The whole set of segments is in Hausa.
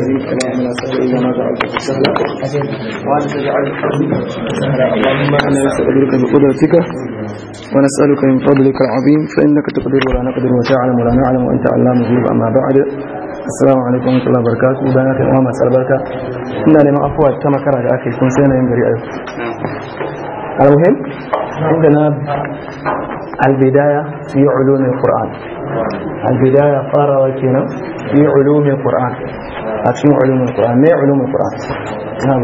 كريم اللهم لا سهل الا ما جعلته سهلا وانت تجعل سهلا اللهم انا نستقدرك بقدرتك ونسالك من فضلك العظيم فانك تقدر ولا نقدر وتعلم ولا نعلم وانت علام الغيوب اما بعد السلام عليكم ورحمة الله وبركاته haka الأمام أسأل بركة إنا لما afuwa كما makara لأكل aka yi kun sai المهم عندنا البداية في علوم القرآن البداية فارغة في علوم القرآن في علوم القرآن ما علوم القرآن نعم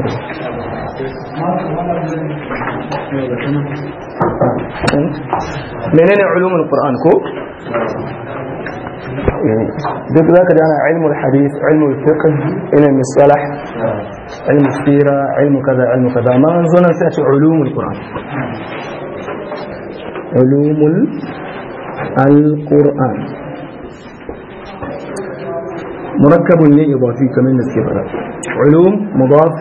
منين علوم القرآن كو؟ يعني ذاك انا علم الحديث علم الفقه الى المصطلح علم السيره علم كذا علم كذا ما نظن علوم القران ulumul al-qur'an murakkabun ne idafi kamar da suke fara ulum mudaf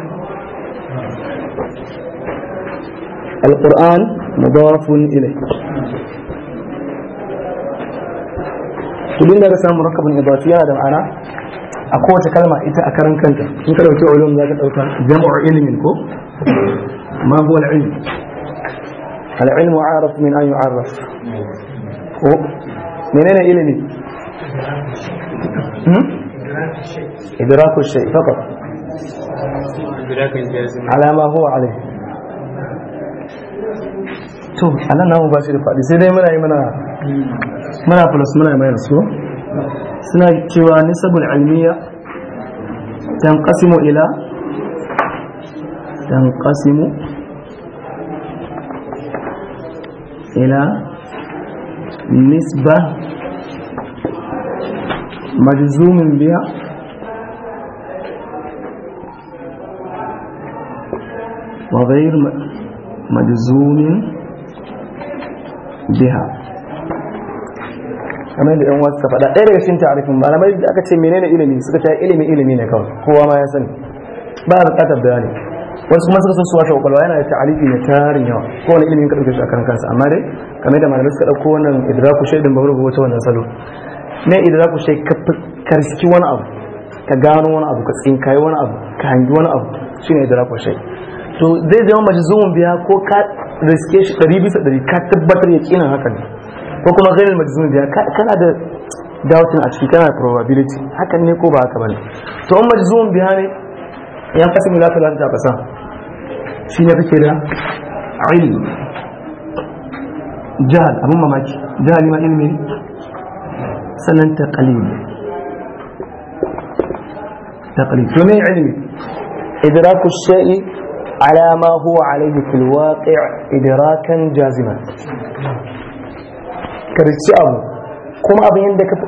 al-qur'an mudafun ilayh kudin da ka samu murakkabun idafi yana da ma'ana a kowace kalma ita a karan kanta in ka dauki ulum za ka dauka jam'u ilimin ko ma huwa al-ilm al'ilmu araf min an yu'arraf ko oh, menene ilimi hmm? idraku shay alama huwa alai to anan namu ba shi da faɗi sai dai muna yi mana muna plus muna yi mana su suna cewa nisabul ilmiya tanqasimu ila tanqasimu إلى نسبة مجزوم بها وغير مجزوم بها kamar da 'yan wasu ka faɗa ɗaya daga cikin tarifin malamai da aka ce menene ilimi suka ta ilimi ilimi ne kawai kowa ma ya sani ba a buƙatar bayani wasu kuma suka so su wata kwakwalwa yana da ta'alifi da tarin yawa ko wani ilimin ka dauke shi a karan kansa amma dai kamar da malamai suka dauko wannan idraku shai din babu rubuta wannan salo ne idraku shai ka karski wani abu ka gano wani abu ka tsinkayi wani abu ka hangi wani abu shine idraku shai. to zai zama zuwan biya ko ka riske shi ɗari bisa ɗari ka tabbatar ya kinan haka ne ko kuma ghairul zuwan biya kana da doubting a ciki kana probability hakan ne ko ba haka bane to in zuwan biya ne yan kasu mai za ta kasa shi ne kake da ilmi jihar abin mamaki jihar ma ilmi sannan ta kalili ta kalili to mai ilmi idraku shai alama ma huwa alaihi fil waqi' idrakan jazima karci abu kuma abin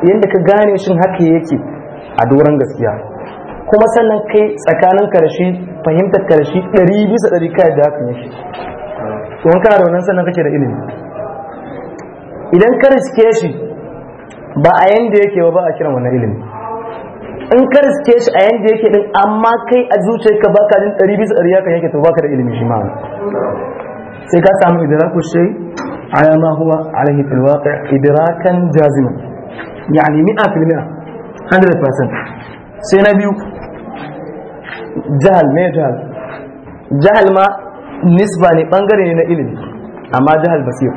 yadda ka gane shi haka yake a doron gaskiya kuma sannan kai tsakanin karshe fahimtar karshe ɗari bisa ɗari kayan da haka yake tsohon kana da wannan sannan kake da ilimi idan ka riske shi ba a yanda yake ba ba a kiran wannan ilimi in ka riske shi a yanda yake din amma kai a ka baka jin ɗari bisa ɗari haka yake to baka da ilimi shi ma sai ka samu idraku shay ala ma huwa alayhi fil waqi idrakan jaziman yani 100% 100% sai na biyu jahal me jahal jahal ma nisba ne bangare ne na ilimi amma jahal basir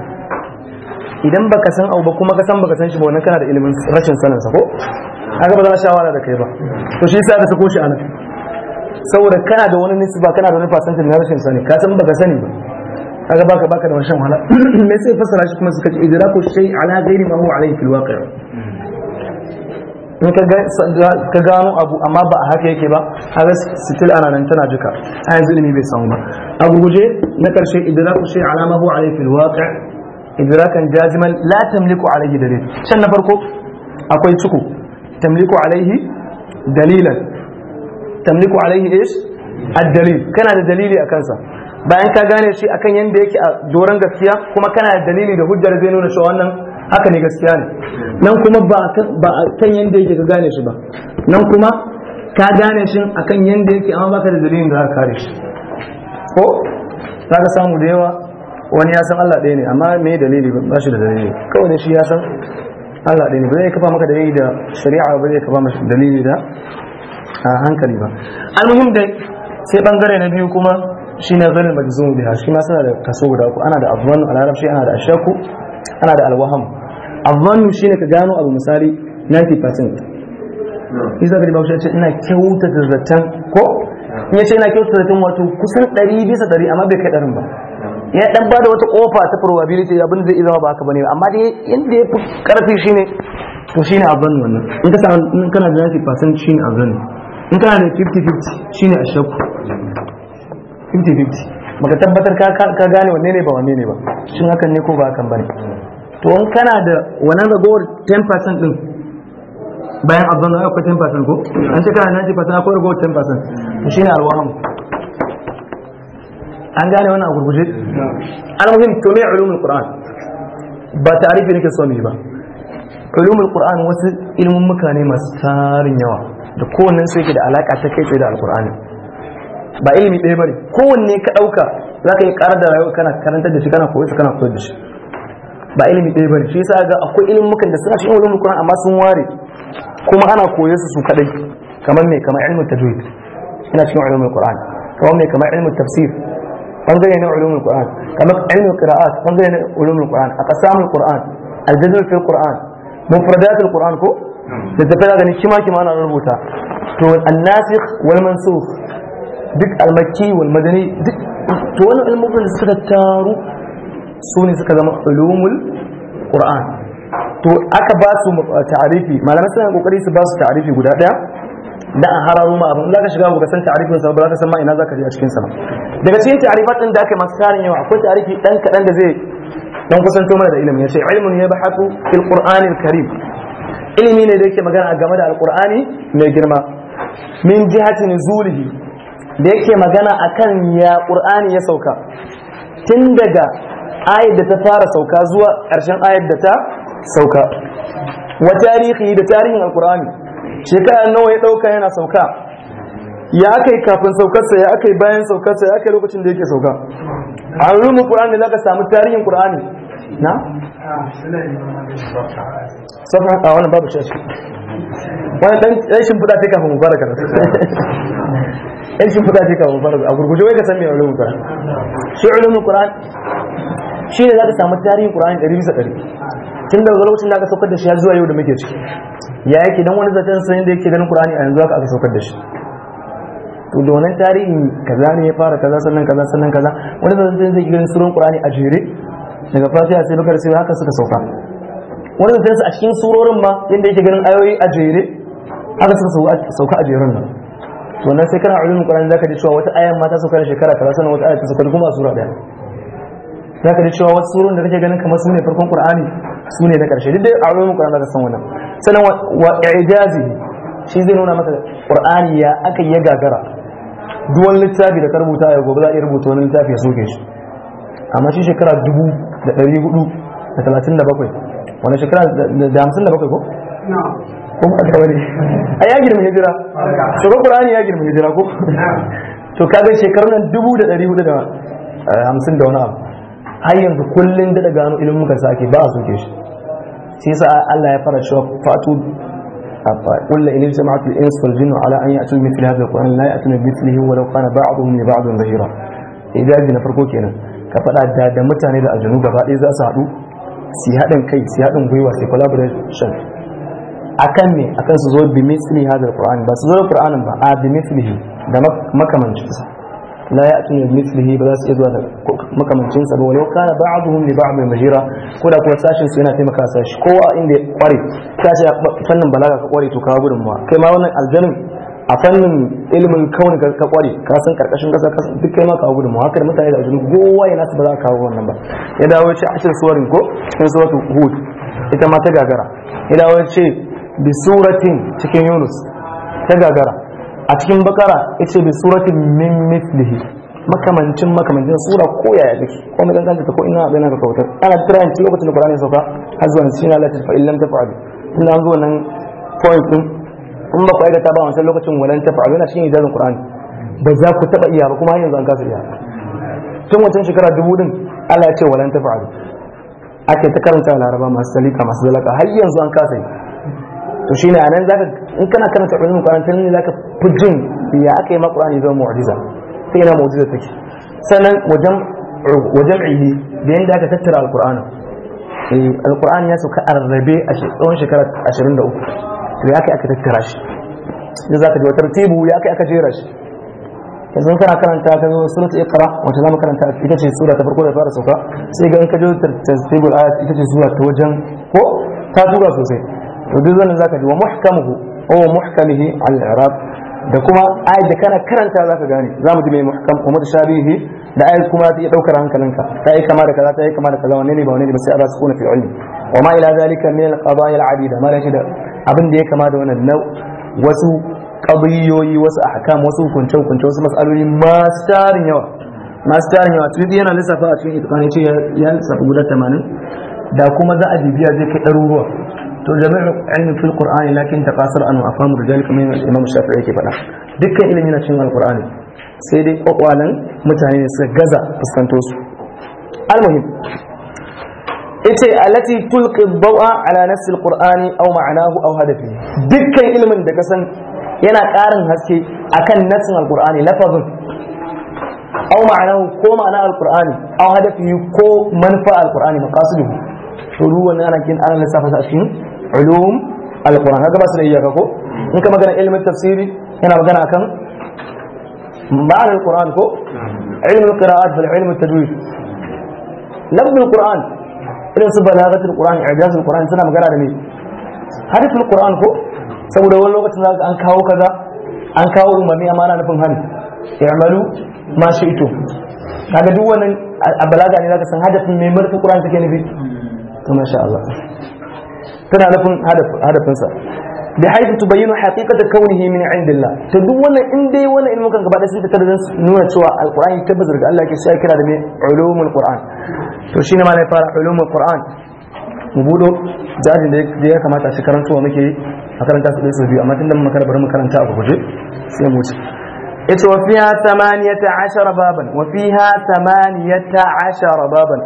idan baka san abu ba kuma ka san baka san shi ba wannan kana da ilimin rashin sanin sa ko haka ba za a shawara da kai ba to shi yasa da sako shi anan saboda kana da wani nisba kana da wani percentage na rashin sani ka san baka sani ba kaga baka baka da shan wahala me sai fasara shi kuma suka ce idraku shay ala ghairi ma huwa alayhi fil waqi' in ka gano abu amma ba a haka yake ba ga sitil ana nan tana jika a yanzu ilimi bai samu ba Abu guje na karshe idraku shi alamahu alayhi fil waqi idrakan jaziman la tamliku alayhi dalil can na farko akwai cuku tamliku alayhi dalilan tamliku alayhi ish ad-dalil kana da dalili a kansa bayan ka gane shi akan yanda yake a doron gaskiya kuma kana da dalili da hujjar zai nuna shi wannan haka ne gaskiya ne nan kuma ba a kan yadda yake ka gane shi ba nan kuma ka gane shi a kan yadda yake amma baka da dalilin da aka kare shi ko za ka samu da yawa wani ya san Allah ɗaya ne amma me dalili ba shi da dalili kawai shi ya san Allah ɗaya ne ba zai kafa maka dalili da shari'a ba zai kafa maka dalili da a hankali ba almuhim dai sai bangare na biyu kuma shine zalil majzum biha shi ma suna da kaso guda ku ana da afwan a ana da ashaku ana da alwaham shi ne ka gano abu misali 90% isa gari bahaushe ce ina kyautata zaton ko in ya ce ina kyautata zaton wato kusan 100 bisa 100 amma bai kai ɗarin ba ya dan da wata kofa ta probability abin zai izama ba haka bane amma dai inda ya fi karfi ne to shi ne azan wannan in ka samu in kana da shi ne azan in kana da 50-50 shi ne a ashakku 50-50 maka tabbatar ka gane wanne ne ba wanne ne ba shin hakan ne ko ba hakan ba ne to in kana da wannan ragowar 10% din bayan abin da akwai 10% ko an ce kana 90% akwai ragowar 10% to shine alwaham an gane wannan a gurguje almuhim to me ulumul qur'an ba tarifi nake so mu ba ulumul qur'an wasu ilmin muka ne masu tarin yawa da kowannen sai yake da alaka ta kai tsaye da alqur'ani ba ilimi ɗaya bane kowanne ka ɗauka za ka yi ƙarar da rayuwa kana karanta da shi kana koyar da shi kana koyar da shi ba ilimi ɗaya bane shi yasa ga akwai ilimukan da suna cikin ulumul qur'an amma sun ware kuma ana koyar su su kadai kamar me kamar ilmul tajwid ina cikin ulumul qur'an kamar me kamar ilmul tafsir bangare ne ulumul qur'an kamar ilmul qira'at bangare ne ulumul qur'an aqsamul qur'an aljazm fil qur'an mufradatul qur'an ko da tafi da ganin kima kima ana rubuta to an wal mansukh duk al wal madani duk to wannan ilmukan da suka taru su ne suka zama ulumul qur'an to aka ba su uh, ta'arifi malamai suna kokari su ba su ta'arifi guda daya da an hararo ma abin zaka shiga ga san ta'arifin sa ba zaka san ma ina zaka je a cikin sa daga cikin ta'arifat din da aka masu tarin yawa akwai ta'arifi dan kadan da zai dan kusanto mana da ilimi yace ilmun yabhatu fil al karim ilimi ne da yake magana a game da al alqur'ani mai girma min jihati nuzulihi da yake magana akan ya qur'ani ya sauka tun daga ayar da ta fara sauka zuwa ƙarshen ayar da ta sauka wa tarihi da tarihin alkur'ani shekara nawa ya ɗauka yana sauka ya aka yi kafin saukarsa ya aka yi bayan saukarsa ya aka yi lokacin da yake sauka a rumin ƙur'ani za ka samu tarihin ƙur'ani na? safa a wani babu shashi wani ɗan rashin fuda ta kafin mubaraka rashin fuda ta kafin mubaraka a gurguje wai ka san mai ulumin ƙur'ani shi ulumin ƙur'ani shi ne za ka samu tarihin ƙura'in ɗari bisa ɗari tun daga lokacin da aka saukar da shi ya zuwa yau da muke ciki ya yake dan wani zaton sanin da yake ganin ƙura'in a yanzu aka saukar da shi to da wannan tarihi kaza ne ya fara kaza sannan kaza sannan kaza wani zaton zai ganin suran ƙura'in a jere daga fatiha sai bakar sai haka suka sauka wani zaton su a cikin surorin ma yadda yake ganin ayoyi a jere haka suka sauka a jerin nan to nan sai kana ulumin ƙur'ani zaka ji cewa wata ayan ma ta sauka shekara kaza sannan wata aya ta sauka kuma a sura daya za ka ji cewa wasu surorin da kake ganin kamar su ne farkon qur'ani su ne na karshe duk da a ulumul qur'ani za ka san wannan sannan wa i'jazi shi zai nuna maka qur'ani ya aka ya gagara duk wani littafi da ka rubuta ya gobe za a iya rubuta wani littafi ya soke shi amma shi shekara dubu da ɗari hudu da talatin da bakwai wani shekara da hamsin da bakwai ko? ko ba ta wani a ya girma hijira shugaban qur'ani ya girma hijira ko to kaga shekarun nan dubu da ɗari hudu da eh, hamsin da wani abu har yanzu kullum da gano ilimin muka sake ba a soke shi sai sa Allah ya fara cewa fatu قل إن اجتمعت الإنس والجن على أن يأتوا مثل هذا القرآن لا يأتون بمثله ولو كان بعضهم لبعض idan إذا na farko kenan ka faɗa da da mutane da aljanu gaba ɗaya za su haɗu su haɗin kai su haɗin gwiwa su collaboration akan me akan su zo bi misli hadal qur'an ba su zo qur'anin ba a bi mislihi da makamancinsa la ya'tuna mithlihi ba za su iya zuwa da makamancin sa ba walau kana ba'dhum li ba'd majira ko da kuma sashin su yana taimaka sashi kowa inda ya kware ka ce fannin balaga ka kware ka gudun ma kai ma wannan a fannin ilimin kauni ka kware ka san karkashin kasa ka duk kai ma ka gudun ma haka da mutane da aljanu kowa yana su kawo wannan ba ya dawo ya ce ashir suwarin ko ita ma ta gagara ya dawo ce cikin yunus ta gagara a cikin bakara ita ce bi suratin min mithlihi makamancin makamancin sura ko yaya take ko mai gangan ta ko ina abin ka kautar ana tira yanci lokacin da Qur'ani sauka har zuwa shi na Allah ta fa illam tafa'alu tun zo nan point din in ba ku aikata ba wancan lokacin walan tafa'alu yana cikin ijarin Qur'ani ba za ku taba iya ba kuma har yanzu an kasa iya tun wancan shekara dubu din Allah ya ce walan tafa'alu ake ta karanta laraba masu salika masu zalaka har yanzu an kasa yi to shine anan zaka in kana karanta ulumul Qur'ani tun ne zaka hujjin ya aka yi ma qur'ani zama mu'jiza sai ina mu'jiza take sannan wajen wajen ihi da yanda aka tattara alqur'ani eh alqur'ani ya sauka arrabe a tsawon shekara 23 to ya kai aka tattara shi da zaka ji wata tartibu ya kai aka jera shi yanzu kana karanta ka zo surat iqra wata zamu karanta ita ce sura ta farko da fara sauka sai ga in ka je tartibul ayat ita ce sura ta wajen ko ta tura sosai to duk zanen zaka ji wa muhkamuhu او محكمه على العراق da kuma ayat da kana karanta zaka gane za mu ji mai muhkam da mutashabihi da ayat kuma ta iya daukar hankalinka ta yi kama da kaza ta yi kama da kaza wanne ne ba wanne ne ba sai Allah sukuna fi ilmi wa ma ila zalika min al qada'i al adida ma shi da abin da ya kama da wannan nau wasu qadiyoyi wasu ahkam wasu hukunce hukunce wasu mas'aloli masu tarin yawa masu tarin yawa tun yana lissafa a cikin itqani ce ya lissafa guda 80 da kuma za a bibiya zai kai ɗaruruwa to jami'u ilmi fil qur'ani lakin taqasar an afamu rijal kamar imam shafi'i yake faɗa dukkan ilimi na cikin alqur'ani sai dai kwakwalan mutane ne suka gaza fuskanto su almuhim ita allati tulqi dawa ala nafsi alqur'ani aw ma'anahu aw hadafi dukkan ilimin da ka san yana ƙarin haske akan nafsin alqur'ani lafazin aw ma'anahu ko ma'ana alqur'ani aw hadafi ko manfa alqur'ani maqasiduhu to ruwan ana kin ana lissafa a cikin ulum alquran haka ba su da iyaka ko in ka magana ilimin tafsiri yana magana akan ma'anar alquran ko ilimin qira'at da ilimin tadwir lafzul qur'an irin su balagatul qur'an i'jazul qur'an suna magana da me hadith alquran ko saboda wani lokacin zaka an kawo kaza an kawo umarni amma ana nufin hali ya'malu ma shi'tu kaga duk wannan a balaga ne zaka san hadafin mai marfi qur'an take nufi to masha Allah tana nufin hadafinsa da haifu tu bayyana haqiqata kaunihi min indillah ta duk wannan in dai wannan ilmin kan gaba da sai ta tada nuna cewa alqur'ani tabbas daga Allah yake sai kira da me ulumul qur'an to shine ma ne fara ulumul qur'an mu budo jajin da ya kamata a ci wa muke a karanta su su biyu amma tunda mun makara bari mu karanta a guje sai mu wuce yace wa fiha 18 baban wa fiha 18 baban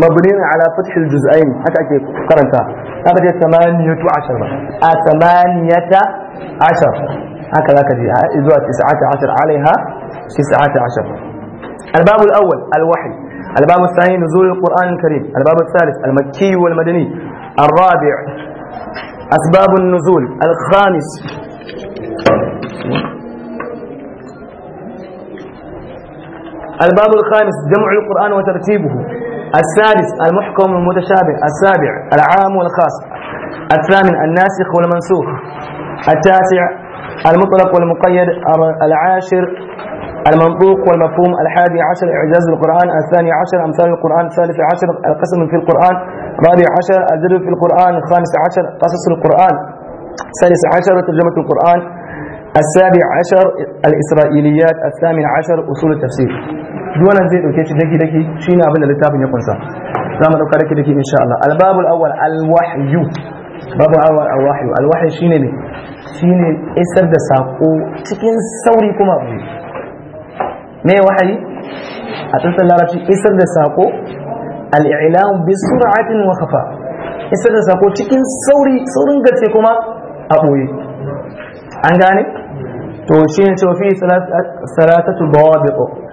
mabnin ala fathil juz'ain haka ake karanta أبدا ثمانية عشر ثمانية عشر هكذا كذي إذا تسعة عشر عليها تسعة عشر الباب الأول الوحي الباب الثاني نزول القرآن الكريم الباب الثالث المكي والمدني الرابع أسباب النزول الخامس الباب الخامس جمع القرآن وترتيبه السادس المحكم المتشابه السابع العام والخاص الثامن الناسخ والمنسوخ التاسع المطلق والمقيد العاشر المنطوق والمفهوم الحادي عشر إعجاز القرآن الثاني عشر أمثال القرآن الثالث عشر القسم في القرآن الرابع عشر الجدل في القرآن الخامس عشر قصص القرآن السادس عشر ترجمة القرآن السابع عشر الإسرائيليات الثامن عشر أصول التفسير duk wannan zai dauke shi daki daki shine abin da littafin ya kunsa za mu dauka daki daki insha Allah albabul awwal alwahyu babu awwal alwahyu alwahyu shine ne shine isar da sako cikin sauri kuma abu me wahayi a tsantsan larabci isar da sako al-i'lam bi sur'atin wa khafa isar da sako cikin sauri saurin gace kuma a boye an gane to shine cewa fi salatatu bawabiqo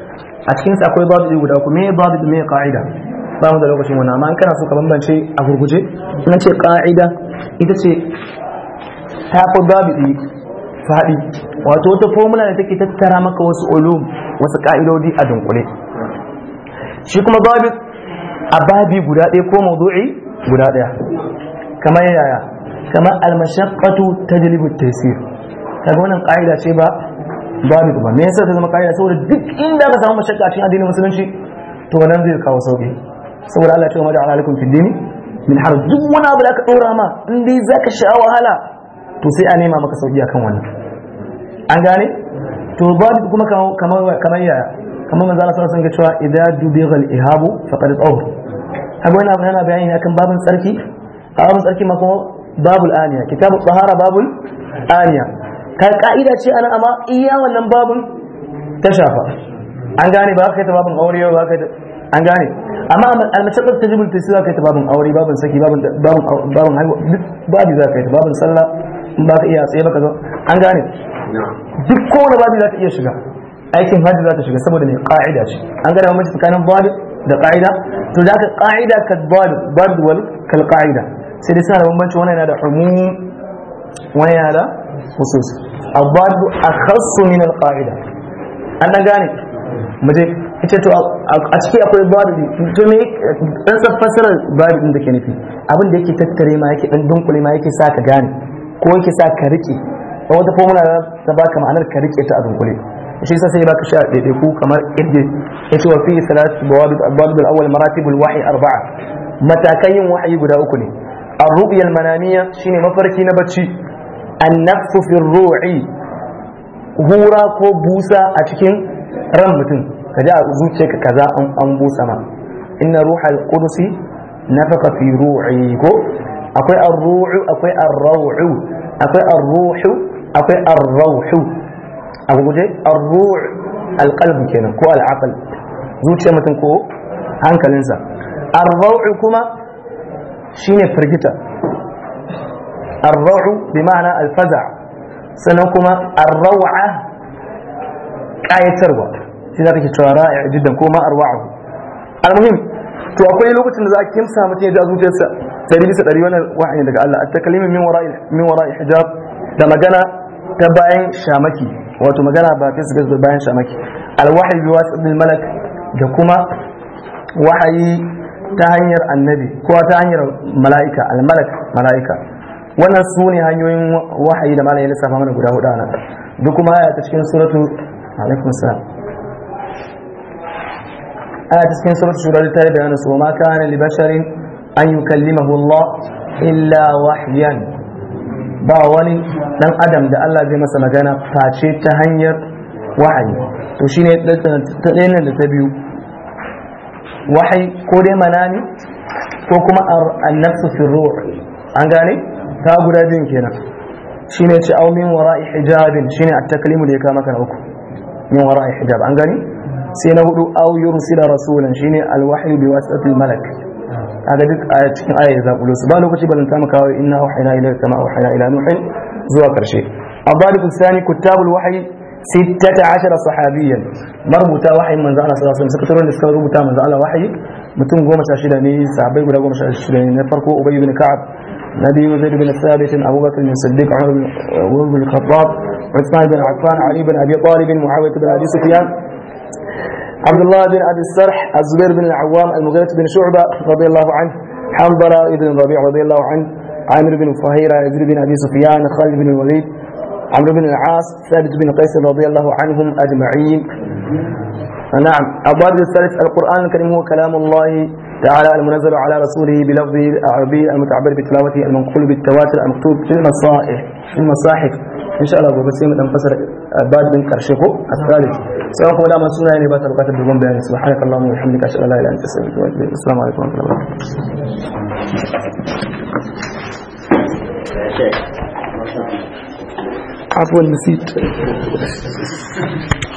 a cikin sa akwai babu guda ku me babu me ka'ida ba mu da lokacin wannan amma an kana so ka bambance a gurguje na ce qa'ida ita ce ta ko babu fadi, wato wata formula da take tattara maka wasu ulum wasu ka'idodi a dunkule shi kuma babu a babi guda ɗaya ko mawdu'i guda ɗaya kamar yaya kamar al-mashaqqatu tajlibu at-taysir kaga wannan ka'ida ce ba galibu ba me yasa ta zama ka'ida saboda duk inda aka samu mashakka cikin addinin musulunci to wannan zai kawo sauki saboda Allah ya ce wa mada'ala alaikum fid dini min har duk wani abu da aka dora ma in dai zaka sha wahala to sai a nema maka sauki akan wannan an gane to babu kuma kamar kamar yaya kamar manzo Allah sallallahu alaihi wasallam ga cewa idza dubiga al-ihabu faqad tawr haka wannan abu yana bayani akan babin tsarki a babin tsarki ma kuma babul aniya kitabu tsahara babul aniya ka ka'ida ce ana amma iya wannan babun ta shafa an gane ba ka ta babun aure ba ka an gane amma almace ta jibul ta sai kai ta babun aure babun saki babun babun babun haihuwa duk babu za ka ta babun sallah in ba ka iya tsaye baka zo an gane duk kowane babu za ta iya shiga aikin hajji za ta shiga saboda mai ka'ida ce an gane mace tsakanin babin da ka'ida to da ka ka'ida ka babu babu wal kal ka'ida sai dai suna da bambanci wani yana da umum wani yana da nusus abadu akhassu min alqaida an dan gane mu ita to a ciki akwai badu to me dan san fasarar badu din da ke nufi abin da yake tattare ma yake dan dunkule ma yake sa ka gane ko yake sa ka rike a wata formula ta baka ma'anar ka rike ta a dunkule shi yasa sai baka sha daidai ku kamar idda yace wa fi salat bawabit abwab al-awwal maratib al-wahyi arba'a matakan yin wahayi guda uku ne ar-ru'ya al-manamiyya shine mafarki na bacci annafsu fi ru'i hura ko busa a cikin ran mutum ka ji a zuciyarka kaza an busa ma inna ruhal qudusi nafaka fi ru'i ko akwai ar-ru'u akwai ar-raw'u akwai ar-ruhu akwai ar-rawhu a guje ar-ru'u al kenan ko al-aql mutum ko hankalinsa ar-raw'u kuma shine firgita الروع بمعنى الفزع سنكما الروعة قاية تروى إذا كنت رائع جدا كما أروعه المهم to akwai lokacin da za a kimsa mutum ya ji azuciyarsa dari bisa dari wannan wahayi daga Allah at-taklimu min wara'i min wara'i hijab da magana ta bayan shamaki wato magana ba ta su bayan shamaki al-wahyi bi wasil malak da kuma wahayi ta hanyar annabi ko ta hanyar mala'ika al-malak mala'ika wannan su ne hanyoyin wahayi da malayin lissafa mana guda hudu nan duk kuma aya ta cikin suratu alaikum salam aya ta cikin suratu shura ta yi bayanin su ma kana li basharin an yukallimahu Allah illa wahyan ba wani dan adam da Allah zai masa magana face ta hanyar wahayi to shine ta ɗaya da ta biyu wahayi ko dai manani ko kuma an nafsu fi an gane ka guda biyun kenan shine ce au min wara'i hijabin shine at-taklimu da ya kama kana uku min wara'i hijab an gani sai na hudu au yursila rasulan shine al-wahyu bi wasati malak kaga duk a cikin ayar da zakulo su ba lokaci ba ta maka wa inna auhayna ilayka kama auhayna ila nuhin zuwa karshe abadu sani kutabul wahyi 16 sahabiyan marubuta wahayin manzo Allah sallallahu alaihi wasallam sakataron da suka rubuta manzo Allah wahayi mutum 16 ne sahabbai guda shida ne na farko Ubay ibn Ka'ab نبي زيد بن ثابت أبو بكر بن الصديق عمر بن الخطاب عثمان بن عفان علي بن أبي طالب معاوية بن أبي سفيان عبد الله بن أبي السرح الزبير بن العوام المغيرة بن شعبة رضي الله عنه حنظلة بن الربيع رضي الله عنه عامر بن فهيرة يزيد بن أبي سفيان خالد بن الوليد عمرو بن العاص ثابت بن قيس رضي الله عنهم أجمعين نعم الضابط الثالث القرآن الكريم هو كلام الله تعالى المنزل على رسوله بلفظ العربي المتعبر بتلاوته المنقول بالتواتر المكتوب في المصائح في المصاحف ان شاء الله بس يوم انفسر بعد من كرشفه الثالث سوف قول ما سنة يعني بات الوقت بيقوم بيان سبحانك اللهم وبحمدك اشهد ان لا اله الا انت استغفرك واتوب السلام عليكم ورحمه الله وبركاته عفوا نسيت